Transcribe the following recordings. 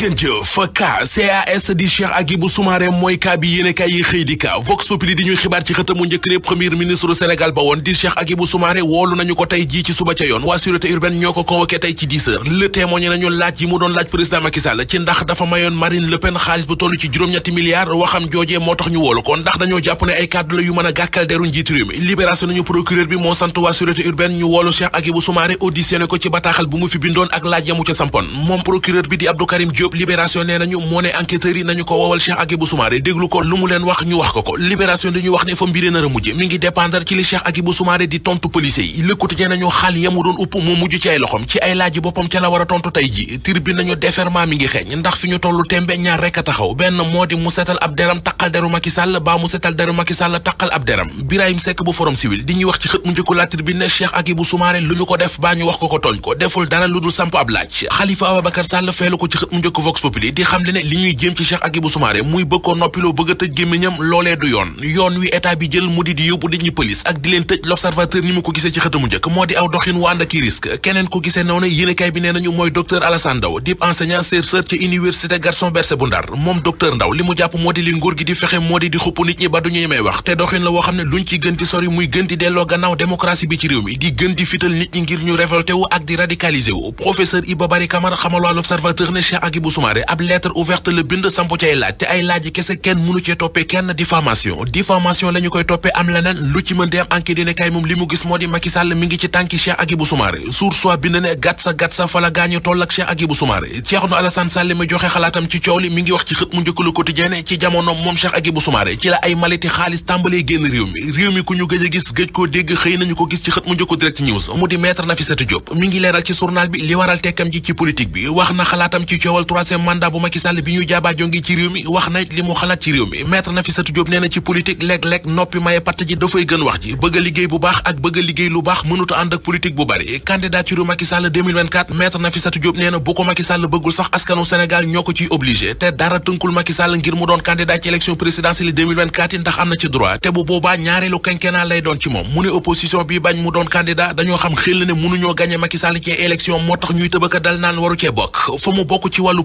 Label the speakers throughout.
Speaker 1: ngeen jëf CAS di Cheikh Agibou Soumaré mooy ka bi yéene kay yi xëy di ka Vox Populi di ñuy xibaar ci xëtamu njëkk ne premier ministre Sénégal ba woon di Cheikh Agibou Soumaré woolu nañu ko tey jii ci suba ca yoon waa sûreté ñoo ko convoqué tey ci 10 heures le nañu laaj yi mu doon laaj président Macky ci ndax dafa mayoon Marine Le Pen xaalis bu toll ci milliards waxam joojee moo tax ñu woolu ko ndax dañoo jàpp ne ay kàddu yu mën a Diop nee nañu moo ne enquêteurs nañu ko woowal Cheikh Agibou Soumaré déglu ko lu mu leen wax ñu wax ko ko libération dañuy wax ne fa mbiri nar a mujje mi ngi dépendre ci li Cheikh Agibou Soumaré di tontu policier yi lëkkutije nañu xaal yamu doon upp moo mujj ci ay loxom ci ay laaj boppam ca la war tontu tey ji tir bi nañu déferment mi ngi xeeñ ndax fi ñu tollu tembe ñaar rekk a taxaw benn moo di mu setal ab deram taqal deram Birahim ko Vox Populi di xam le li ñuy jéem ci Cheikh Agibou Soumaré muy bëgg ko noppiloo bëgg tëj gémmiñam loolee yoon yoon wi état bi jël mu di di yóbbu nit ñi pëlis ak di leen tëj l'observateur ni mu ko gisee ci xëtamu njëkk moo di aw doxin wu ànd ak risque keneen ko gisee noonu yéenekaay bi nee nañu mooy docteur Alassane Ndaw dip enseignant chercheur ci université Gaston Berger bu Ndar moom docteur Ndaw li mu jàpp moo di li nguur gi di fexe moo di di xupp nit Hadjibou Soumaré bind ne gàtt sa gàtt sa fala gaañu toll ak Cheikh Hadjibou Soumaré Cheikhna Alassane Sall mi joxe xalaatam mi ngi wax ci xët mu njëkk Le Quotidien ci jamono moom mu ngi leeral ci journal bi li waral tekkam ji ci politique bi wax na xalaatam ci coowal troisième mandat bu Macky Sall bi ñu jaabaa jongi ci réew mi wax na li mu xalaat ci réew mi maître Nafissatou Diop nee na ci politique léeg-léeg noppi maye patt ji dafay gën wax ji bëgg a liggéey bu baax ak bëgg a liggéey lu baax mënuta ànd ak politique bu bari candidature Macky Sall 2024 maître Nafissatou Diop nee na bu ko Macky bëggul sax askanu Sénégal ñoo ko ciy obligé te dara tënkul Macky ngir mu doon candidat ci élection présidentielle 2024 yi ndax am na ci droit te bu boobaa ñaareelu quinquennat lay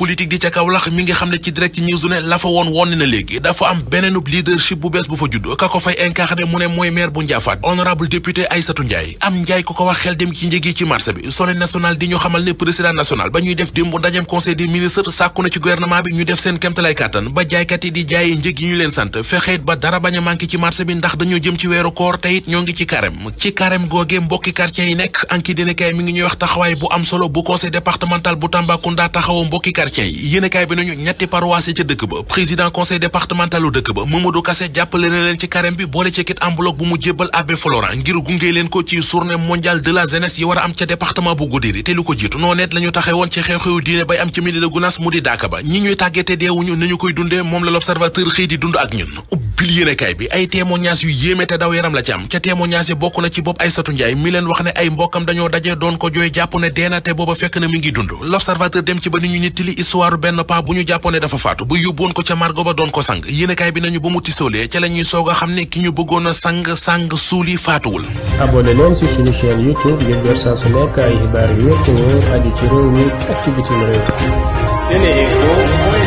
Speaker 1: politique di ca Kaolack mi ngi xam ne ci direct news ne la woon woon na léegi dafa am beneenub leadership bu bees bu fa juddoo ka ko fay incarné mu ne mooy maire bu Ndiaffate honorable député Aïssatou Ndiaye am Ndiaye ko ko wax xel dem ci njëgi ci marché bi sonné national di ñu xamal ne président national ba ñuy def démb ndajem conseil des ministres sàkku na ci gouvernement bi ñu def seen kéemtalaay kàttan ba jaaykat di jaayee njëg yi ñu leen sant fexeet dañoo jëm ci weeru koor te it ñoo ngi ci carême ci carême googee mbokki quartier yi nekk anki dina kay mi ngi ñuy wax taxawaay quartier yi yéenekaay bi nañu ñetti paroisse ca dëkk ba président conseil départementalu dëkk ba Mamadou Kassé jàppale na leen ci carême bi boole ci kit bu mu jébbal abbé Florent ngir gunge leen ko ci journée mondiale de la jeunesse yi war am ca département bu Goudiri te lu ko jiitu noo net taxe woon ci xew-xewu diine bay am ci Médina Gounass mu di daaka ba ñi ñuy tàggete deewuñu nañu koy dundee moom la l'observateur xëy di dund ak ñun pil yéene kaay bi ay témoignage yu yéeme te daw yaram la ci am ca témoignage yi bokk na ci bopp Aysatu Njaay mi leen wax ne ay mbokkam dañoo daje doon ko jooy jàpp ne deena te booba fekk na mi ngi dund l'observateur dem ci ba ni ñu nettali histoire benn paa bu ñu jàppoon ne dafa faatu bu yóbboon ko ca margo ba doon ko sang yéene bi nañu ba mu tisoolee ca la ñuy soog a xam ne ki ñu bëggoon a sang sang suuli faatuwul abonné leen ci suñu youtube